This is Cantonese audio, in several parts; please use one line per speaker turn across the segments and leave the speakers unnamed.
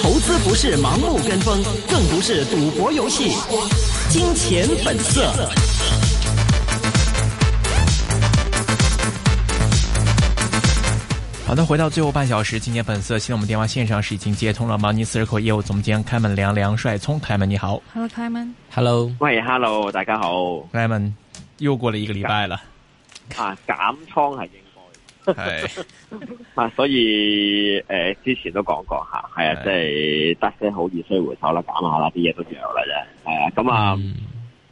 投資不是盲目跟風，更不是賭博遊戲。金錢本色。好的，回到最後半小時，金錢本色。現在我們電話線上是已經接通了，毛尼四十口業務總監開門梁梁帥聰，開門你好。Hello，開門。Hello。喂，Hello，大家好，開門。又過了一個禮拜
了。啊，減倉還是？係啊，所以誒、呃，之前都講過吓，係啊，即係得些好易衰回頭啦，講下啦，啲嘢都仲有啦啫。誒，咁啊，啊嗯、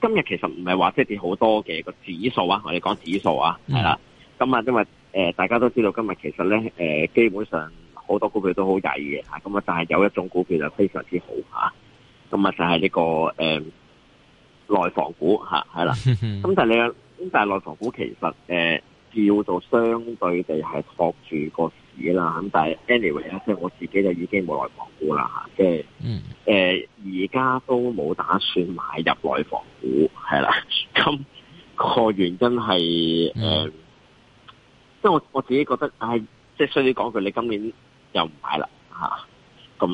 今日其實唔係話即係跌好多嘅個指數啊，我哋講指數啊，係啦。咁啊，因為誒、呃，大家都知道今日其實咧，誒、呃，基本上好多股票都好曳嘅吓。咁啊，但係有一種股票就非常之好吓。咁啊，啊，就係、是、呢、這個誒內、呃、房股吓，係、啊、啦。咁、啊啊、但係你，咁但係內房股其實誒。呃要做相對地係托住個市啦，咁但係 anyway 咧，即係我自己就已經冇內房股啦嚇，即係誒而家都冇打算買入內房股，係啦，咁個原因係誒，即係我我自己覺得，唉，即係需要講句，你今年又唔買啦嚇。咁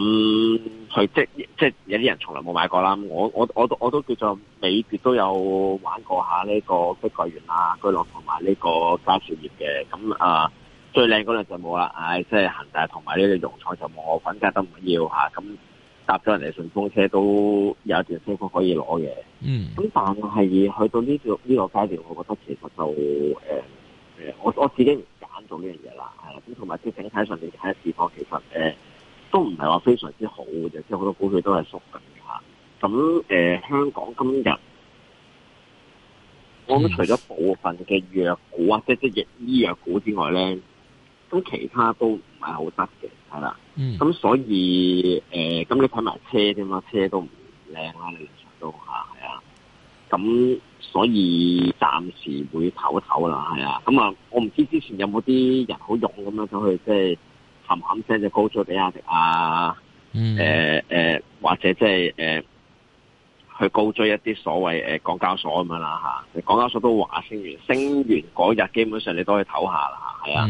佢即即，即有啲人從來冇買過啦。我我我都我都叫做尾碟都有玩過下呢個碧桂園啊居樂同埋呢個佳兆業嘅。咁啊、呃、最靚嗰兩隻冇啦。唉、哎，即係恒大同埋呢個融創就冇我份，家都唔緊要吓。咁、啊、搭咗人哋順風車都有一段收益可以攞嘅。嗯。咁但係去到呢、這個呢、這個階段，我覺得其實就誒誒、呃，我我自己唔揀做呢樣嘢啦。係啦。咁同埋即整體上面睇下市況，其實誒。呃都唔係話非常之好嘅，即係好多股票都係縮緊嘅吓。咁誒，香港今日我諗除咗部分嘅藥股啊，mm. 即係即係醫藥股之外咧，咁其他都唔係好得嘅，係啦。咁、mm. 所以誒，咁、呃、你睇埋車啫嘛，車都唔靚啦，你常都吓係啊。咁所以暫時會唞一唞啦，係啊。咁啊，我唔知之前有冇啲人好勇咁樣走去即係。啱啱聲就高追比亞迪啊，誒、呃、誒、呃，或者即係誒去高追一啲所謂誒港交所咁樣啦吓，港、啊、交、啊、所都話升完，升完嗰日基本上你都可以唞下啦，係啊，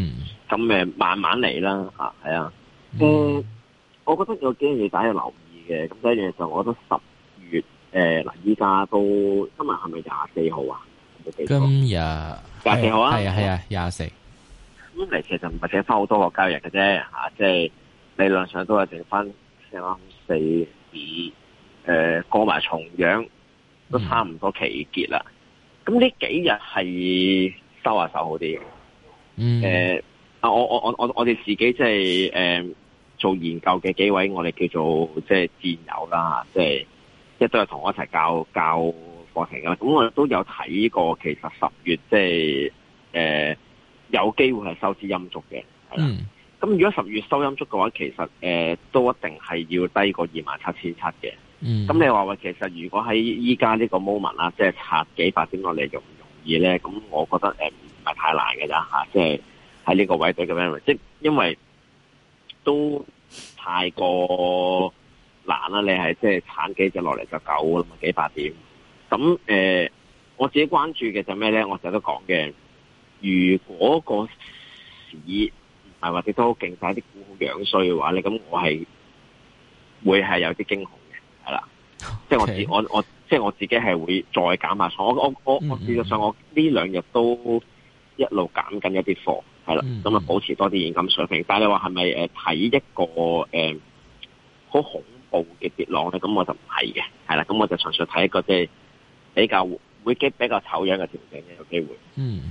咁、嗯、誒慢慢嚟啦吓，係啊，誒、嗯呃，我覺得有幾樣嘢大家留意嘅，咁第一樣嘢就我覺得十月誒嗱，依家到今日係咪廿四號啊？今日廿四號啊，係啊係
啊廿四。
咁嚟其實唔係整翻好多個交易嘅啫吓，即係理論上都係剩翻三四二誒，過埋重陽都差唔多期結啦。咁呢幾日係收下手好啲嘅。誒、嗯，啊、呃，我我我我我哋自己即係誒做研究嘅幾位，我哋叫做即係、就是、戰友啦，即係一都係同我一齊教教課程噶啦。咁我都有睇過，其實十月即係誒。呃有機會係收支陰燭嘅，係啦。咁、mm. 如果十月收陰燭嘅話，其實誒、呃、都一定係要低過二萬七千七嘅。咁、mm. 你話喂、呃，其實如果喺依家呢個 moment 啦，即係拆幾百點落嚟容唔容易咧？咁我覺得誒唔係太難嘅咋。嚇、啊，即係喺呢個位度嘅 moment，即因為都太過難啦。你係即係拆幾隻落嚟就夠啦嘛？幾百點？咁誒、呃，我自己關注嘅就咩咧？我成日都講嘅。如果個市唔係或者都勁曬一啲股樣衰嘅話咧，咁我係會係有啲驚恐嘅，係啦、okay.。即係我自我我即係我自己係會再減下倉。我我我、mm -hmm. 我事實上我呢兩日都一路減緊一啲貨，係啦，咁啊保持多啲現金水平。Mm -hmm. 但係你話係咪誒睇一個誒好、嗯、恐怖嘅跌浪咧？咁我就唔係嘅，係啦。咁我就純粹睇一個即係比較會激比較醜樣嘅調整嘅機會，嗯、
mm -hmm.。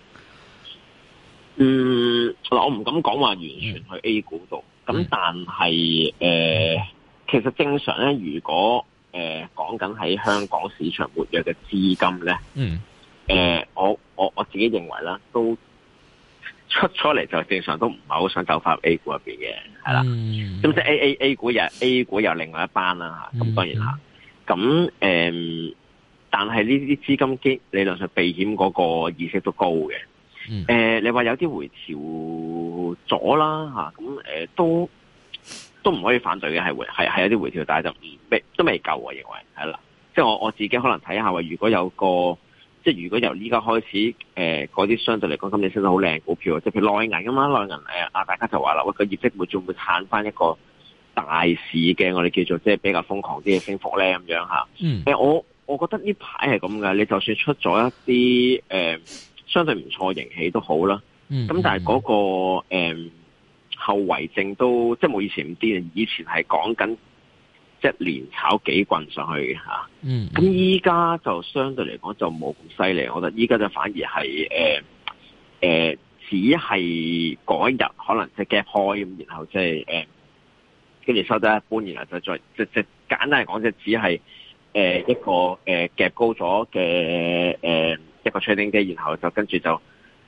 嗯，我唔敢講話完全去 A 股度，咁、嗯、但係誒、呃，其實正常咧，如果誒、呃、講緊喺香港市場活躍嘅資金咧，嗯，誒、呃，我我我自己認為啦，都出咗嚟就正常，都唔係好想走翻入 A 股入邊嘅，
係、嗯、啦，咁
即係 A A A 股又 A 股又另外一班啦，吓，咁當然啦咁誒，但係呢啲資金基理論上避險嗰個意識都高嘅。誒、嗯欸，你話有啲回調咗啦吓，咁、啊、誒、欸、都都唔可以反對嘅，係回係係有啲回調，但係就未都未夠、啊、我認為係啦。即係我我自己可能睇下話，如果有個即係如果由依家開始，誒嗰啲相對嚟講、欸、今年升得好靚股票，即譬如內銀啊嘛，內銀誒啊，大家就話啦，喂、欸那個業績會仲會行翻一個大市嘅，我哋叫做即係比較瘋狂啲嘅升幅咧，咁樣吓。誒、嗯欸，我我覺得呢排係咁噶，你就算出咗一啲誒。欸相對唔錯，營氣都好啦。
咁但係嗰
個誒後遺症都即係冇以前咁癲。以前係講緊即連，炒幾棍上去吓。咁依家就相對嚟，講就冇咁犀利。我覺得依家就反而係誒誒，只係嗰一日可能即係夾開咁，然後即係誒跟住收得一半，然後就再即即簡單嚟，講就只係誒、呃、一個誒、呃、夾高咗嘅誒。呃一個 Trading 然後就跟住就，誒、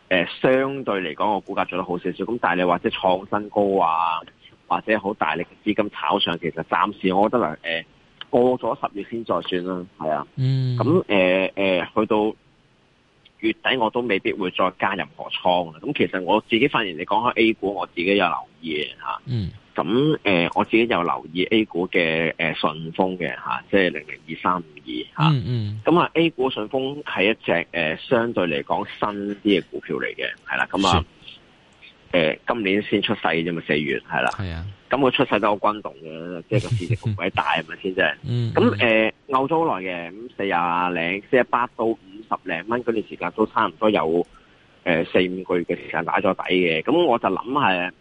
呃、相對嚟講，我估價做得好少少。咁但係你話即係創新高啊，或者好大力資金炒上，其實暫時我覺得嚟，誒、呃、過咗十月先再算啦。係啊，咁誒誒，去到月底我都未必會再加任何倉啦。咁其實我自己發現，你講開 A 股，我自己有留意嗯。咁誒、呃，我自己有留意 A 股嘅誒順豐嘅吓，即係零零二三五二吓。嗯咁啊、嗯、，A 股順豐係一隻誒、呃、相對嚟講新啲嘅股票嚟嘅，係啦。咁啊，誒、呃、今年先出世嘅啫嘛，四月係啦。係啊。咁我出世都好轟動嘅，即係個市值咁鬼大啊咪先正。咁誒，歐洲好耐嘅，咁四廿零四廿八到五十零蚊嗰段時間都差唔多有誒、呃、四五個月嘅時間打咗底嘅。咁我就諗係。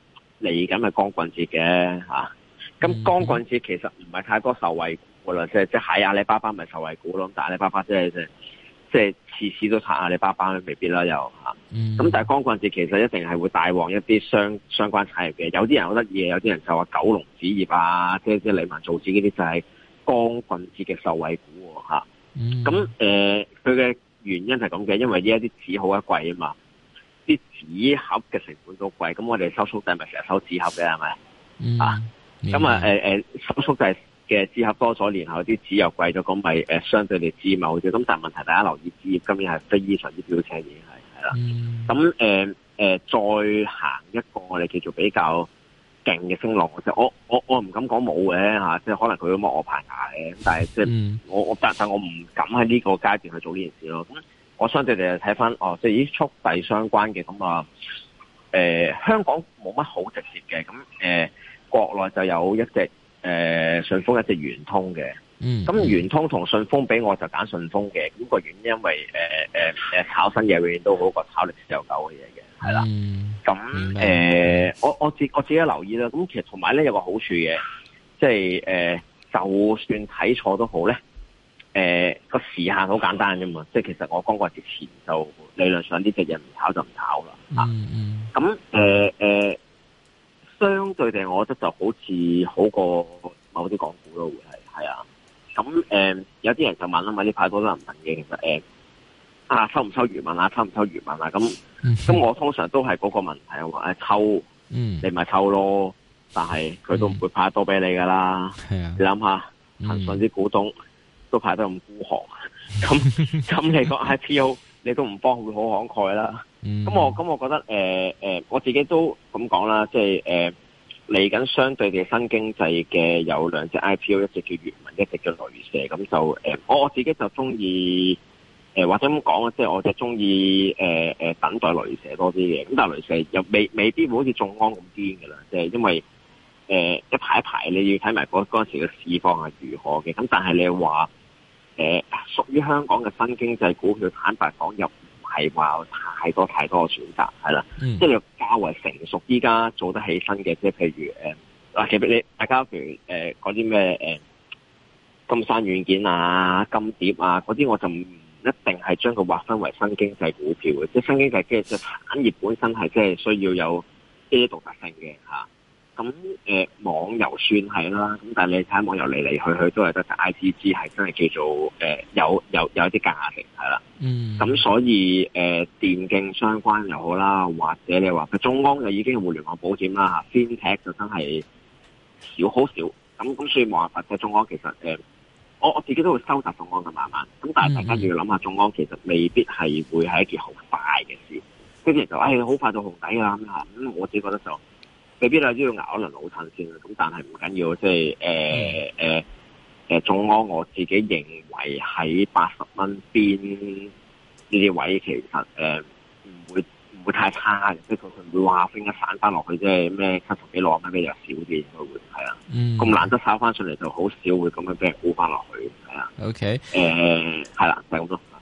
嚟緊咪光棍節嘅嚇，咁、啊、光棍節其實唔係太多受惠股啦，即係即係喺阿里巴巴咪受惠股咯，但阿里巴巴即係即係即係次次都拆阿里巴巴未必啦又嚇，咁、啊嗯、但係光棍節其實一定係會帶旺一啲相相關產業嘅，有啲人好得意嘅，有啲人就話九龍紙業啊，啊即係即係理文造紙呢啲就係光棍節嘅受惠股喎嚇，咁誒佢嘅原因係咁嘅，因為呢一啲紙好鬼貴啊嘛。紙盒嘅成本都貴，咁我哋收速遞咪成日收紙盒嘅係咪？啊，咁啊，誒、呃、誒，收速遞嘅紙盒多咗，然後啲紙又貴咗，咁咪誒相對你知某啲。咁但係問題，大家留意紙業今年係非常之標青嘅，係係啦。咁誒誒，再行一個我哋叫做比較勁嘅升浪，即係我我我唔敢講冇嘅吓，即係可能佢會摸我棚牙嘅。咁、嗯、但係即係我我但係我唔敢喺呢個階段去做呢件事咯。我相信你哋睇翻哦，即係依速遞相關嘅咁啊，誒、呃，香港冇乜好直接嘅，咁、呃、誒，國內就有一隻誒順豐，呃、一隻圓通嘅。嗯。咁圓通同順豐俾我就揀順豐嘅，咁、那個原因為誒誒誒，炒、呃呃、新嘢永遠都好過炒歷史悠久嘅嘢嘅，係啦。咁、嗯、
誒、嗯呃，我我自
我自己，我自己留意啦。咁其實同埋咧有，呢有一個好處嘅，即係誒、呃，就算睇錯都好咧。誒、呃，個時限好簡單啫嘛，即係其實我講過之前就理論上呢隻嘢，唔炒就唔炒啦，
吓、mm -hmm. 啊。咁誒誒，相
對地，我覺得就好似好過某啲港股咯，會係係啊。咁、嗯、誒、嗯，有啲人就問啦，咪呢排股都唔穩嘅，其實誒、哎，啊，收唔收餘文啊，收唔收余文啊？咁咁 我通常都係嗰個問題啊，我話，誒、哎，抽，mm -hmm. 你咪抽咯，但係佢都唔會派多俾你噶啦。係、mm、啊 -hmm.，你諗下恒信啲股東。都排得咁孤寒，咁咁 你個 IPO 你都唔幫，會好慷慨啦。咁、嗯、我咁我覺得誒誒、呃呃，我自己都咁講啦，即係誒嚟緊相對嘅新經濟嘅有兩隻 IPO，一隻叫閱文，一隻叫雷蛇。咁就誒，我、呃、我自己就中意誒或者咁講，即係我就中意誒誒等待雷蛇多啲嘅。咁但係雷蛇又未未必會好似眾安咁癲嘅啦，即、就、係、是、因為誒、呃、一排一排你要睇埋嗰嗰陣時嘅市況係如何嘅。咁但係你話，誒、呃，屬於香港嘅新經濟股票，坦白講，又唔係話太多太多嘅選擇，
係啦，mm -hmm. 即係
又較為成熟依家做得起身嘅，即係譬如誒、呃，其實你大家譬如誒，啲咩誒，金山軟件啊、金蝶啊嗰啲，那些我就唔一定係將佢劃分為新經濟股票嘅，即係新經濟其實產業本身係即係需要有呢一道獨特性嘅吓。啊咁、呃、網遊算係啦，咁但係你睇網遊嚟嚟去去都係得 IGG 係真係叫做誒有有有啲價值係啦。嗯，咁、mm. 所以誒、呃、電競相關又好啦，或者你話佢中安就已經有互聯網保險啦，Fintech 就真係少好少。咁咁所以冇辦法啫。中安其實誒、呃，我我自己都會收集中安嘅慢慢。咁但係大家要諗下，mm. 中安其實未必係會係一件好快嘅事。跟住就誒好、哎、快到紅底啊咁咁我自己覺得就。未必啊，都要咬一輪老襯先啦。咁但係唔緊要，即係誒誒誒，眾安、呃呃、我自己認為喺八十蚊邊呢啲位，其實誒唔、呃、會唔會太差。即係佢唔會話升一散返翻落去，即係咩七十幾落，蚊，比較少啲應該會係啊。咁懶得炒翻出嚟，就好少會咁樣俾人估翻落去，係啊。
OK，誒
係啦，就係咁多。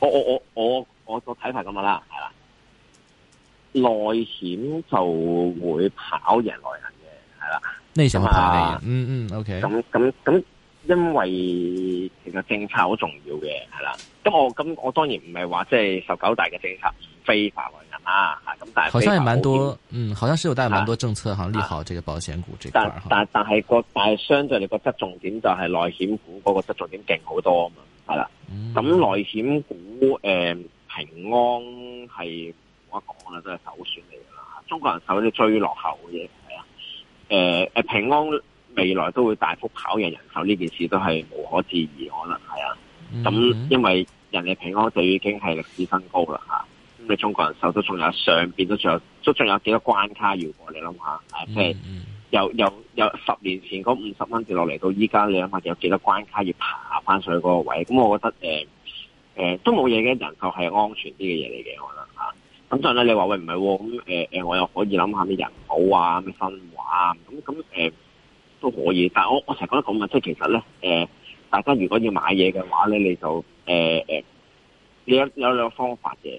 我我我我我個睇法咁樣啦，係啦，內險就會跑贏內銀嘅，係啦，
呢層啊，嗯嗯，OK，咁
咁咁，因為其實政策好重要嘅，係啦，咁、嗯、我咁、嗯、我當然唔係話即係十九大嘅政策非法內銀啦，咁但係好像有蠻多，
嗯，好像是有帶來蠻多政策，好像利好這個保險股這塊，啊
啊，但但但係個但係相對你個質重點就係內險股嗰個質重點勁好多啊嘛。係啦，咁內險股誒，平安係冇得講啦，都係首選嚟噶啦。中國人壽啲最落後嘅嘢係啊，誒誒、呃，平安未來都會大幅考驗人，人壽，呢件事都係無可置疑，可能係啊。咁、
mm -hmm. 因
為人哋平安就已經係歷史新高啦吓，咁你中國人壽都仲有上邊都仲有，都仲有幾多關卡要過，你諗下，即係。Mm -hmm. 由由由十年前嗰五十蚊跌落嚟，到依家你諗下有幾多關卡要爬翻上去嗰個位？咁我覺得誒誒、呃呃、都冇嘢嘅，人就係安全啲嘅嘢嚟嘅，我諗吓。咁所以咧，你話喂唔係喎？咁誒誒，我又可以諗下啲人保啊、咩新華啊，咁咁誒都可以。但係我我成日覺得咁嘅，即係其實咧，誒、呃，大家如果要買嘢嘅話咧，你就誒誒、呃，有有兩個方法嘅。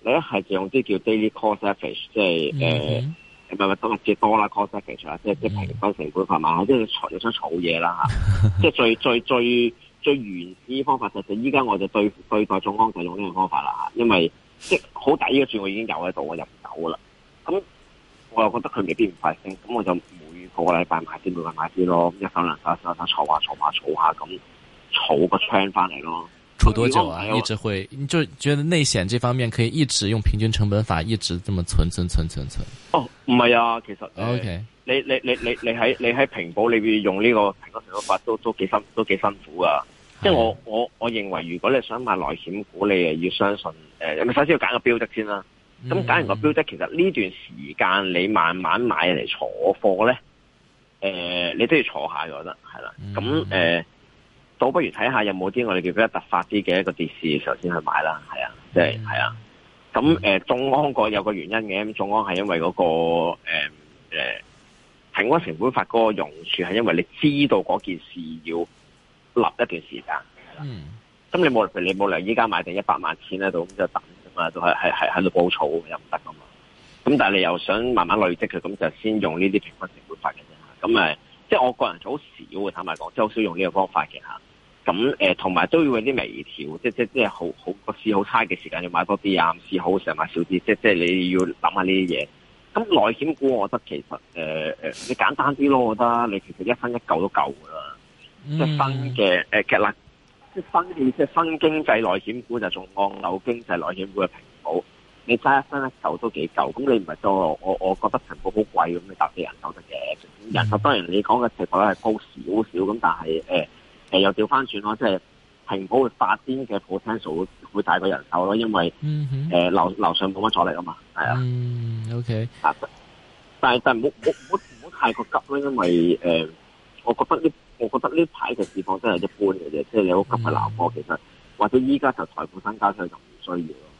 你是一係就用啲叫 daily cash average 即係誒。Mm -hmm. 咪咪得物資多啦，cost effect 啊，即係即係平均成本法嘛？即係除咗想儲嘢啦嚇，即係最最最最原始的方法就係依家我就對，對對塊重安佢用呢個方法啦嚇，因為即係好抵嘅住我已經有喺度，我入手噶啦，咁我又覺得佢未必唔快升，咁我就每個禮拜買先，每個禮拜買啲咯，一手兩手一手手儲下儲下儲下咁，儲個倉翻嚟咯。儲多久啊，平安平安？一直
會，你就覺得內險這方面可以一直用平均成本法，一直這麼存存存存存、
存。哦，唔係啊，其實。哦、o、okay、K，你你你你你喺你喺平保，你要用呢個平均成本法都都幾辛都幾辛苦噶即係我我我認為，如果你想買內險股，你又要相信誒，咁、呃、首先要揀個標的先啦。咁揀完個標的，其實呢段時間你慢慢買嚟，坐貨咧，誒、呃，你都要坐下就，我覺得係啦。咁、嗯、誒、嗯。倒不如睇下有冇啲我哋叫比較突發啲嘅一個跌市，首先去買啦，係啊，即係係啊。咁、呃、中安個有個原因嘅，中安係因為嗰、那個誒、呃、平均成本法嗰個用處係因為你知道嗰件事要立一段時間，
咁、
mm. 你冇譬如你冇理由依家買定一百萬錢喺度，咁就等啊，都係係喺度補草，又唔得噶嘛。咁但係你又想慢慢累積佢，咁就先用呢啲平均成本法嘅啫。咁誒、呃，即係我個人就好少嘅，坦白講，即好少用呢個方法嘅吓咁誒，同、呃、埋都要有啲微調，即即即係好好個市好差嘅時間要買多啲啊，市好成日買少啲，即即你要諗下呢啲嘢。咁內險股，我覺得其實誒誒、呃，你簡單啲咯，我覺得你其實一分一舊都夠噶啦、嗯呃。即新嘅誒嘅嗱，即新即新經濟內險股就仲按樓經濟內險股嘅平保，你揸一分一舊都幾夠。咁你唔係多我我覺得平保好貴咁，你搭幾人手得嘅。人手當然你講嘅情況咧係高少少咁，但係誒。呃誒，又調翻轉咯，即係平保會發癲嘅 potential 會大過人壽咯，因為誒樓樓上冇乜阻力啊嘛，係啊。
嗯，OK。啊，
但係但係唔好唔好唔好太過急啦，因為誒、呃，我覺得呢，我覺得呢排嘅市況真係一般嘅啫，即、就、係、是、你好急嘅拿波，其、嗯、實或者依家就財富增加上就唔需要，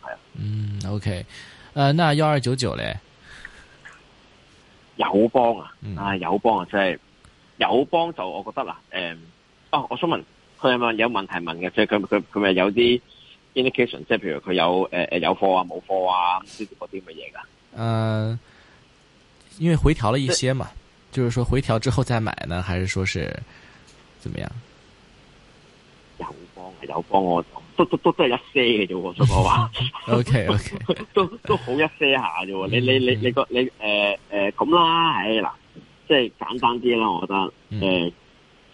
係啊。嗯
，OK。誒、uh，，那幺二九九咧，
友邦啊，啊、哎、友邦啊，即、嗯、係、就是、友邦就我覺得啦，誒、呃。哦，我想問佢係咪有問題是問嘅？即係佢佢佢咪有啲 indication？即係譬如佢有誒誒、呃、有貨啊，冇貨啊，呢啲嗰啲乜嘢噶？嗯、
呃，因為回調了一些嘛，就是說回調之後再買呢，還是說是怎麼樣？
有幫有幫我，都都都都係一些嘅啫喎，叔話。O K O K，都都好一些下啫喎。你你你你個你誒誒咁啦，哎嗱，即係簡單啲啦，我覺得誒。嗯呃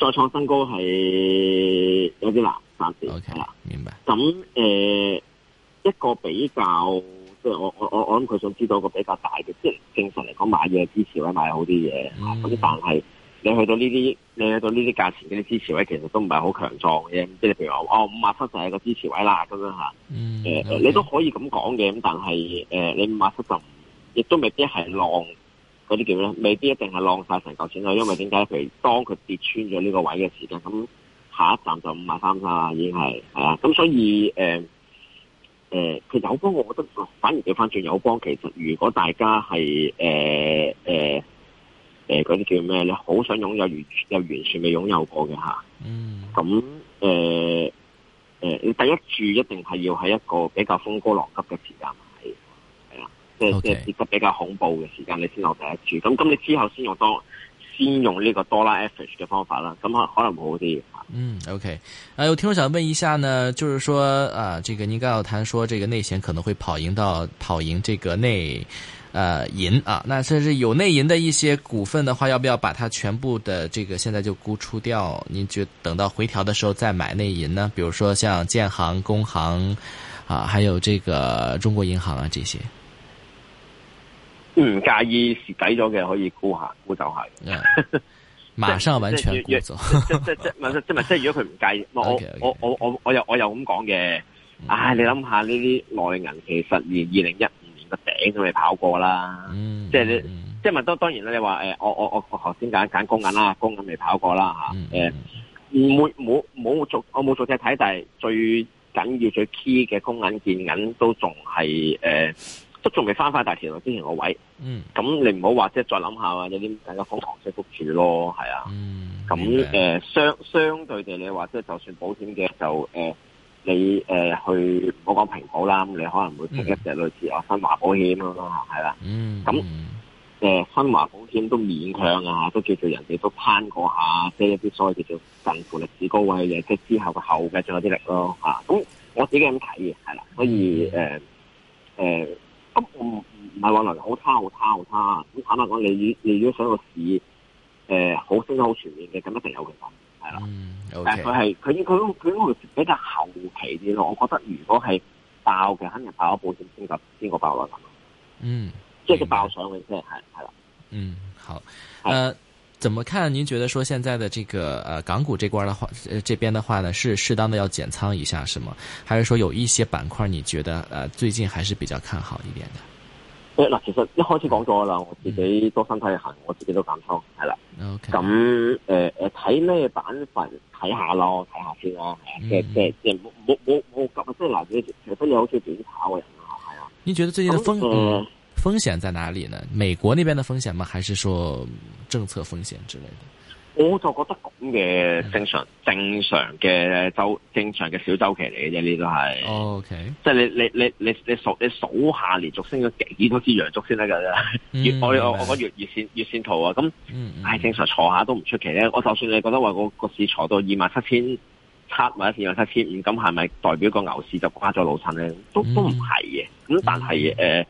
再創新高係有啲難，暫時係啦，okay, 明白。咁誒、呃，一個比較，即係我我我諗佢想知道一個比較大嘅，即係正常嚟講買嘢，支持位買好啲嘢。咁、mm -hmm. 但係你去到呢啲，你去到呢啲價錢嘅支持位，其實都唔係好強壯嘅。即係譬如話，哦，五萬七就係一個支持位啦，咁樣吓。誒、mm
-hmm. 呃，okay. 你都
可以咁講嘅。咁但係誒、呃，你五萬七就亦都未必係浪。嗰啲叫咧，未必一定係浪晒成嚿錢去，因為點解？譬如當佢跌穿咗呢個位嘅時間，咁下一站就五萬三啦，已經係係啊。咁所以誒誒，佢，呃呃、有幫，我覺得反而掉返轉有幫。其實如果大家係誒誒誒，嗰，呃、啲，呃呃、叫咩咧？好想擁有完又完全未擁有過嘅吓，嗯。咁誒誒，你，呃呃、第一注一定係要喺一個比較風高浪急嘅時間。OK，跌得比較恐怖嘅時間，你先攞第一次。咁咁你之後先用多，先用呢個多拉 Average 嘅方法啦。咁可能好啲。嗯，OK。啊、
呃，有聽眾想問一下呢，就是說啊，這個您剛才談說，這個內險可能會跑贏到跑贏這個內，呃，銀啊。那甚至有內銀的一些股份的話，要不要把它全部的這個現在就沽出掉？您就等到回調的時候再買內銀呢？比如說像建行、工行啊，還有這個中國銀行啊，這些。
唔介意蝕底咗嘅可以沽下沽走下嘅，馬上完全沽走。即即即唔即唔即如果佢唔介意，我我我我我又我又咁講嘅。唉，你諗下呢啲內銀其實連二零一五年個頂都未跑過啦。即係你即係問當當然啦，你話誒，我我我我頭先揀揀工銀啦，工銀未跑過啦吓。誒，唔冇冇冇做我冇做只睇，但係最緊要最 key 嘅工銀建銀都仲係誒。都仲未翻返大條之前個位，咁、嗯、你唔好話即係再諗下啊，有啲大家瘋狂式屋住咯，係啊，咁、嗯嗯、相相對地、呃，你話即係就算保險嘅就你誒去我講平保啦，咁你可能會食一隻類似啊新華保險咁咯，係啦、啊，咁、嗯呃、新華保險都勉強啊，都叫做人哋都攀過下，即係一啲所謂叫做近乎歷史高位嘅，即係之後嘅後繼仲有啲力咯，嚇、啊，咁我自己咁睇嘅，係啦、啊，所以、嗯呃呃咁唔唔唔係話嚟好差好差好差，咁坦白講，你你如果想個市，誒好升得好全面嘅，咁一定有嘅，係啦。嗯。
OK。但係佢係佢佢佢會
比較後期啲咯，我覺得如果係爆嘅，肯定爆咗保險升級先個爆來嗯。即係佢爆上嘅先係。係啦。嗯，
好。誒、uh,。怎麼看？您覺得說現在的這個呃港股這塊的話、呃，這邊的話呢，是適當的要減倉一下是嗎？還是說有一些板塊你覺得呃最近還是比較看好一點的？
誒、呃，那其實一開始講咗㗎啦，我自己都身體行、嗯，我自己都減倉係啦。OK，咁誒誒，睇咩板塊睇下咯，睇下先啦。即即即冇冇冇冇夾即即嗱，你除非你好似短炒嘅人啊，係、嗯、
啊、呃嗯。你覺得最近的風嗯？嗯風險在哪裏呢？美國那邊的風險嗎？還是說政策風險之類的？我就覺得咁
嘅正常、嗯、正常嘅周正常嘅小周期嚟嘅啫，呢個係。O K，即係你你你你數你數下連續升咗幾多支陽燭先得噶
月我我得月月
線月線圖啊，咁、嗯、唉正常坐下都唔出奇咧、嗯。我就算你覺得話個個市坐到二萬七千七或者二萬七千五，咁係咪代表個牛市就瓜咗老襯咧？都、嗯、都唔係嘅。咁但係誒。嗯呃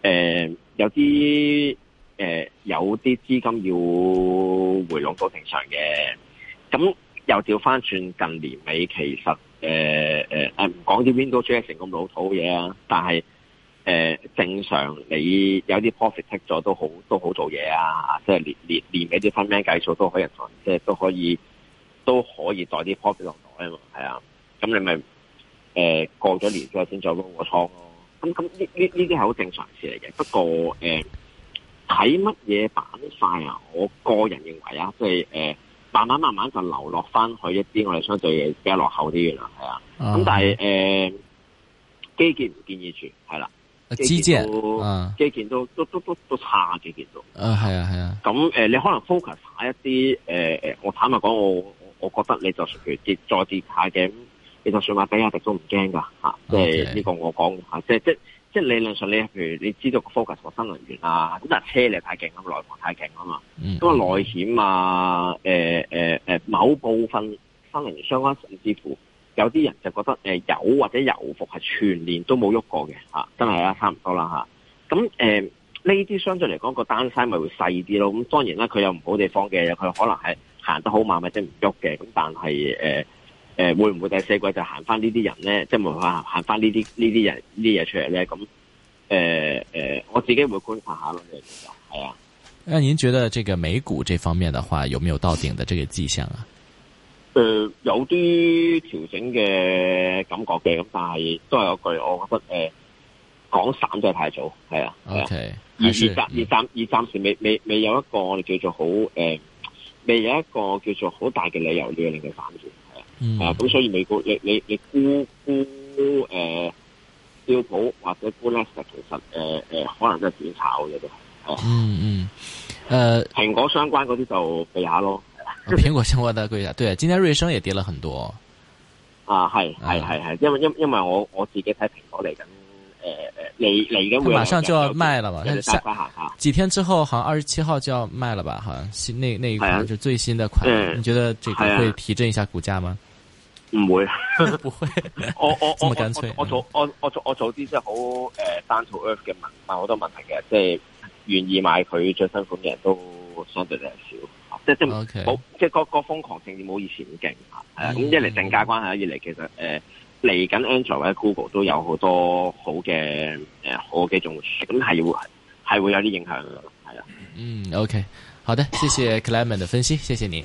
誒、呃，有啲誒、呃，有啲資金要回籠都正常嘅。咁又調翻轉，近年尾其實誒誒誒，唔、呃、講啲、呃、window dress 成咁老土嘅嘢啊。但係誒、呃，正常你有啲 profit take 咗都好都好做嘢啊。即係年年年尾啲 fund man 計數都可以，即係都可以都可以帶啲 profit 落袋啊。嘛。係、呃、啊，咁你咪誒過咗年之後先再嗰個倉咯。咁咁呢呢呢啲係好正常事嚟嘅，不過誒，睇乜嘢板塊啊？我個人認為啊，即係誒，慢慢慢慢就流落翻去一啲我哋相對比較落後啲嘅啦，係啊。
咁、啊、但
係誒、呃，基建唔建議住，係啦、
啊。基建
基建都都都都都差，基建都。
啊，係啊，係啊。
咁誒、啊啊嗯呃，你可能 focus 下一啲誒誒，我坦白講，我我我覺得你就屬於跌再跌下嘅。你就算話比亞迪都唔驚㗎嚇，即係呢個我講嚇，即係即係即係理論上你譬如你知道 focus 個新能源車太太、mm -hmm. 啊，咁但架車你太勁啊，內房太勁啊嘛，咁啊內險啊，誒誒誒某部分新能源相關，甚至乎有啲人就覺得誒、呃、油或者油服係全年都冇喐過嘅嚇，真係啊，是差唔多啦嚇。咁誒呢啲相對嚟講個單身咪會細啲咯。咁當然啦，佢有唔好的地方嘅，佢可能係行得好慢或者唔喐嘅。咁但係誒。呃誒、呃，會唔會第四季就行翻呢啲人咧？即係唔會話行翻呢啲呢啲人呢啲嘢、就是、出嚟咧？咁誒誒，我自己會觀察下咯，其實係啊。
那您覺得這個美股這方面的話，有沒有到頂的這個跡象啊？誒、
呃，有啲調整嘅感覺嘅，咁但係都係嗰句，我覺得誒講散係太早，係啊，係、okay。啊、
呃。而三暫
暫而暫時未未未有一個叫做好誒，未有一個叫做好、呃、叫做好大嘅理由要令佢反轉。嗯、啊，咁所以美國你你你估估誒標普或者估咧，其實誒誒、呃、可能都係短炒嘅
啫。哦、啊，嗯嗯，誒、呃，
蘋果相關嗰啲就
避下咯。蘋果相關的避下，哦、 下，對，今天瑞聲也跌了很多，哦。啊，
係係係係，因為因因為我我自己睇蘋果嚟緊，誒誒嚟嚟緊會馬
上就要賣啦嘛，幾天之後，好像二十七號就要賣了吧？好像新那，那一款就最新的款，啊，你覺得這個會提振一下股價嗎？唔會， 會，
我 我我我早我我我早啲即係好誒，down to earth 嘅問問好多問題嘅，即係願意買佢最新款嘅人都相對就少，okay. 即係即係冇，即係個個瘋狂性冇、嗯嗯、以前咁勁，係啊，咁一嚟定價關係，二嚟其實誒嚟緊 Android 或者 Google 都有好多好嘅誒、呃、好嘅用處，咁係會係會有啲影響嘅，係啊。
嗯，OK，好的，謝謝 Clayman 嘅分析，謝謝你。